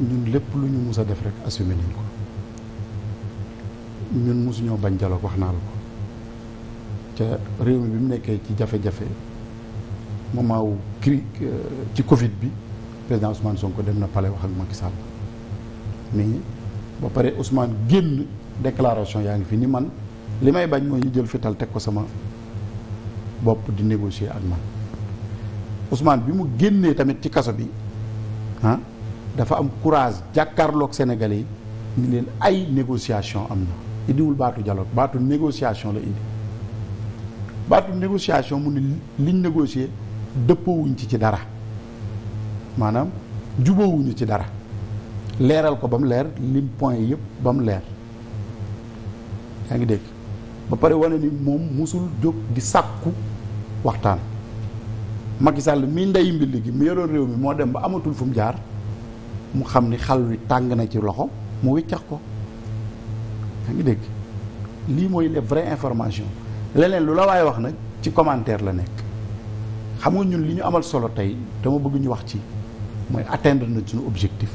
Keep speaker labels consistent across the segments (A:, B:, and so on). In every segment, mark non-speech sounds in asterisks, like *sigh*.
A: ñun lépp lu ñu mus a def rek assumé nañ ko ñun mosuñoo bañ jaloo wax naa la ko ca réew mi bi mu nekkee ci jafe-jafe moment wu cri ci Covid bi président Ousmane Sonko dem na pale wax ak Macky Sall mais ba pare Ousmane génn déclaration yaa ngi fi ni man li may bañ mooy ñu jël fital teg ko sama bopp di négocier ak man Ousmane bi mu génnee tamit ci kaso bi ah. dafa am courage jàkkaarloog Sénégalais yi ni leen ay négociation am na indiwul baatu dialogue baatu négociation la indi baatu négociation mu ni liñ négocier dëppoowuñ ci ci dara maanaam jubóowuñu ci dara leeral ko ba mu leer lim point yëpp ba mu leer yaa ngi dégg ba pare wane ni moom musul jóg di sàkku waxtaan Macky Sall mii ndeyi mbill gi mu yoroon réew mi moo dem ba amatul fu mu jaar mu xam ni xal wi tàng na ci loxo mu wiccax ko yaa dégg lii mooy les vraies information leneen lu la waaye wax nag ci commentaire la nekk xam nga ñun li ñu amal solo tey te ma bëgg ñu wax ci mooy atteindre na suñu objectif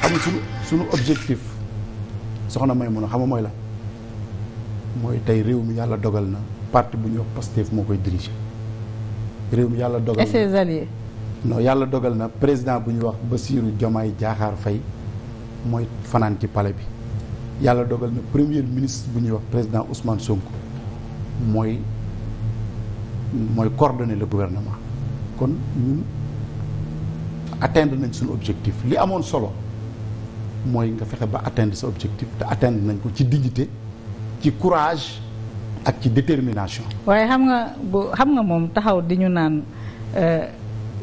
A: xam nga suñu objectif soxna may mun a xam mooy la mooy tey réew mi yàlla dogal na parti bu ñuy wax Pastef moo koy diriger réew mi yàlla dogal na et ses alliés non yàlla dogal na président bu ñuy wax Bassirou Diomaye Diakhar fay mooy fanaan ci pale bi yàlla dogal na première ministre bu ñuy wax président Ousmane Sonko mooy mooy coordonner le gouvernement kon ñun atteindre nañ suñu objectif li amoon solo mooy nga fexe ba atteindre sa objectif te atteindre nañ ko ci dignité ci courage ak ci détermination
B: waaye xam nga bu xam nga moom taxaw di ñu naan euh,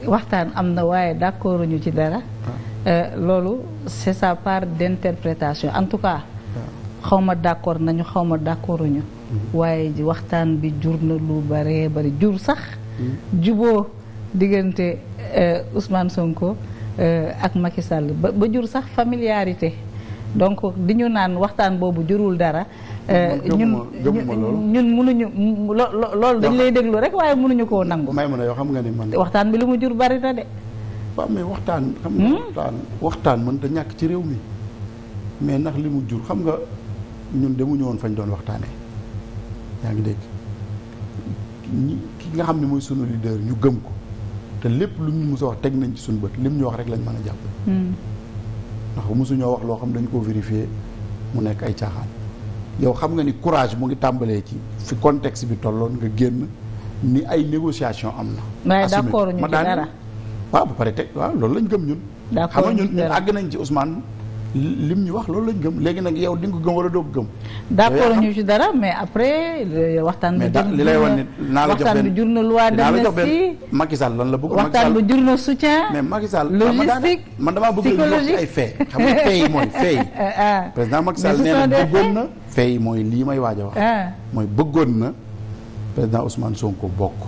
B: waxtaan am na waaye d'accord ñu ci dara ah. euh, loolu c'est sa part d'interprétation en tout cas ah. xaw ma d'accord nañu xaw ma d'accord ñu mm-hmm. waaye waxtaan bi jur na lu bare bari jur sax mm-hmm. juboo diggante euh, Ousmane Sonko euh, ak Macky Sall ba jur sax familiarité donc di ñu naan waxtaan boobu jurul dara. Euh, ñun ñun mënuñu lo loolu dañ lay déglu rek waaye mënuñu
A: koo nangu. may mën a yoo xam nga ni man. waxtaan bi
B: lu mu jur bari na de.
A: waaw mais waxtaan. xam nga hmm? waxtaan waxtaan mën ta ñàkk ci réew mi mais ndax li mu jur xam nga ñun demuñu ñëwoon fañ doon waxtaanee yaa ngi dégg ki nga xam ne mooy sunu leader ñu gëm ko te lépp lu ñu mus a wax teg nañ ci suñu bët lim ñu wax rek lañ mën a jàpp. Hmm. ndax mosuñoo wax loo xam dañu ko vérifier mu nekk ay caaxaan yow xam nga ni courage mu ngi tàmbalee ci fi contexte bi tolloon nga génn ni ay négociation am na. assumer d'accord ñu ci dara waaw ba pare teg waaw loolu lañ gëm ñun. d'accord xam nga ñun àgg nañ ci Ousmane. lim ñu wax loolu lañ gëm léegi nag yow di ko gëm wala doo gëm. d'accord ñu
B: ci dara mais après. waxtaan bi jur li lay wan ni naa la jox benn waxtaan bi jur na loi d'amnistie.
A: Macky Sall lan la bëgg. waxtaan bi jur na soutien. mais Macky Sall logistique man damaa bëgg ñu ay fee. xam nga fee mooy fee *laughs* ah, ah. président Macky Sall nee na bëggoon na. fee mooy lii may waaj wax. Ah. mooy bëggoon na président Ousmane Sonko bokk.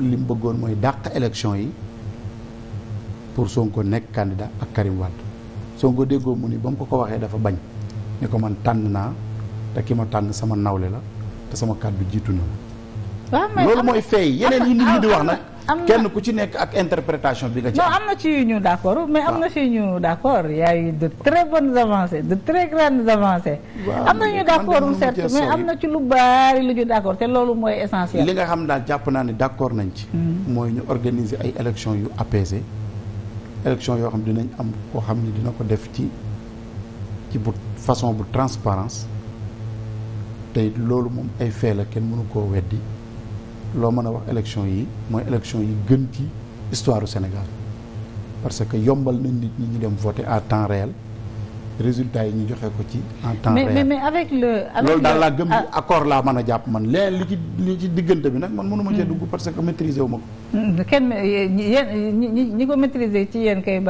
A: li bëggoon mooy dàq élection yi pour Sonko nekk candidat ak Karim Wade. soo Sonko déggoo mu ni ba mu ko ko waxee dafa bañ ni ko man tànn naa te ki ma tànn sama nawle la te sama kàddu jiitu na
B: la loolu mooy feey yeneen yi nit ñi di wax nag kenn
A: ku ci nekk ak interprétation bi nga ci non am
B: na ci ñu d'accord mais ñu d'accord y a eu de très bonnes avancées de très grandes am
A: na ñu d'accord
B: ci lu bari lu ñu d'accord te loolu mooy essentiel li nga xam
A: daal jàpp naa ne d'accord nañ ci hmm. mooy ñu organiser ay élections yu apaisées élection yoo xam ne dinañ am koo xam ne dina ko def ci ci bu façon bu transparence tey loolu moom ay fee la kenn mënu koo weddi loo mën a wax élection yi mooy élection yi gën ci histoire Sénégal parce que yombal nañ nit ñi ñu dem voter à temps réel résultat yi ñu joxe ko ci en temps mais
B: mais avec le. avec loolu daal laa
A: gëm ah. accord laa mën a jàpp man léegi li ci li ci diggante bi nag man mënuma cee hmm. dugg parce que maîtriser wu ma ko.
B: Hmm. kenn yéen ñi ñi ko maîtriser ci yéen kay.